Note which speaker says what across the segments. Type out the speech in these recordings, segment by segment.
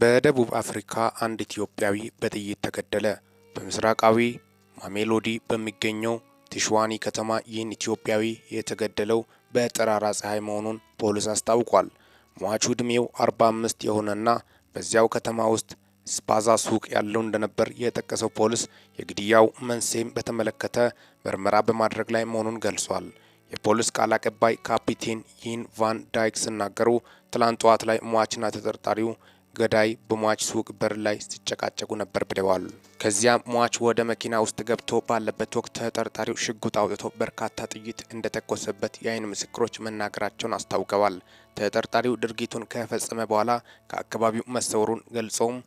Speaker 1: በደቡብ አፍሪካ አንድ ኢትዮጵያዊ በጥይት ተገደለ። በምስራቃዊ ማሜሎዲ በሚገኘው ቲሽዋኒ ከተማ ይህን ኢትዮጵያዊ የተገደለው በጠራራ ፀሐይ መሆኑን ፖሊስ አስታውቋል። ሟቹ ዕድሜው 45 የሆነና በዚያው ከተማ ውስጥ ስፓዛ ሱቅ ያለው እንደነበር የጠቀሰው ፖሊስ የግድያው መንስኤም በተመለከተ ምርመራ በማድረግ ላይ መሆኑን ገልጿል። የፖሊስ ቃል አቀባይ ካፒቴን ይህን ቫን ዳይክ ሲናገሩ ትላንት ጠዋት ላይ ሟችና ተጠርጣሪው ገዳይ በሟች ሱቅ በር ላይ ሲጨቃጨቁ ነበር ብለዋል። ከዚያም ሟች ወደ መኪና ውስጥ ገብቶ ባለበት ወቅት ተጠርጣሪው ሽጉጥ አውጥቶ በርካታ ጥይት እንደተኮሰበት የአይን ምስክሮች መናገራቸውን አስታውቀዋል። ተጠርጣሪው ድርጊቱን ከፈጸመ በኋላ ከአካባቢው መሰወሩን ገልጸውም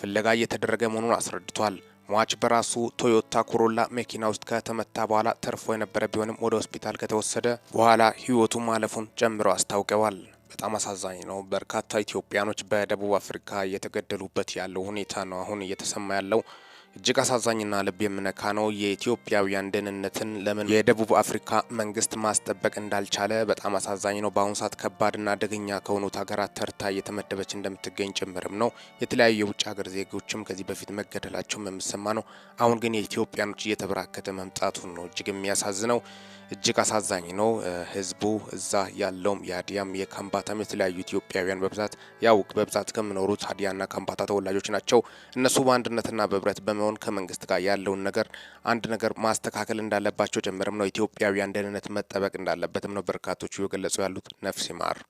Speaker 1: ፍለጋ እየተደረገ መሆኑን አስረድቷል። ሟች በራሱ ቶዮታ ኮሮላ መኪና ውስጥ ከተመታ በኋላ ተርፎ የነበረ ቢሆንም ወደ ሆስፒታል ከተወሰደ በኋላ ሕይወቱ ማለፉን ጨምረው አስታውቀዋል። በጣም አሳዛኝ ነው። በርካታ ኢትዮጵያኖች በደቡብ አፍሪካ እየተገደሉበት ያለው ሁኔታ ነው አሁን እየተሰማ ያለው። እጅግ አሳዛኝና ልብ የምነካ ነው። የኢትዮጵያውያን ደህንነትን ለምን የደቡብ አፍሪካ መንግስት ማስጠበቅ እንዳልቻለ በጣም አሳዛኝ ነው። በአሁኑ ሰዓት ከባድና አደገኛ ከሆኑት ሀገራት ተርታ እየተመደበች እንደምትገኝ ጭምርም ነው። የተለያዩ የውጭ ሀገር ዜጎችም ከዚህ በፊት መገደላቸውም የምሰማ ነው። አሁን ግን የኢትዮጵያኖች እየተበራከተ መምጣቱን ነው እጅግ የሚያሳዝነው። እጅግ አሳዛኝ ነው። ህዝቡ እዛ ያለውም የሀዲያም የከምባታም የተለያዩ ኢትዮጵያውያን በብዛት ያውቅ በብዛት ከምኖሩት ሀዲያና ከምባታ ተወላጆች ናቸው። እነሱ በአንድነትና በህብረት በመ በመሆን ከመንግስት ጋር ያለውን ነገር አንድ ነገር ማስተካከል እንዳለባቸው ጭምርም ነው። ኢትዮጵያውያን ደህንነት መጠበቅ እንዳለበትም ነው በርካቶቹ የገለጹ ያሉት። ነፍስ ይማር።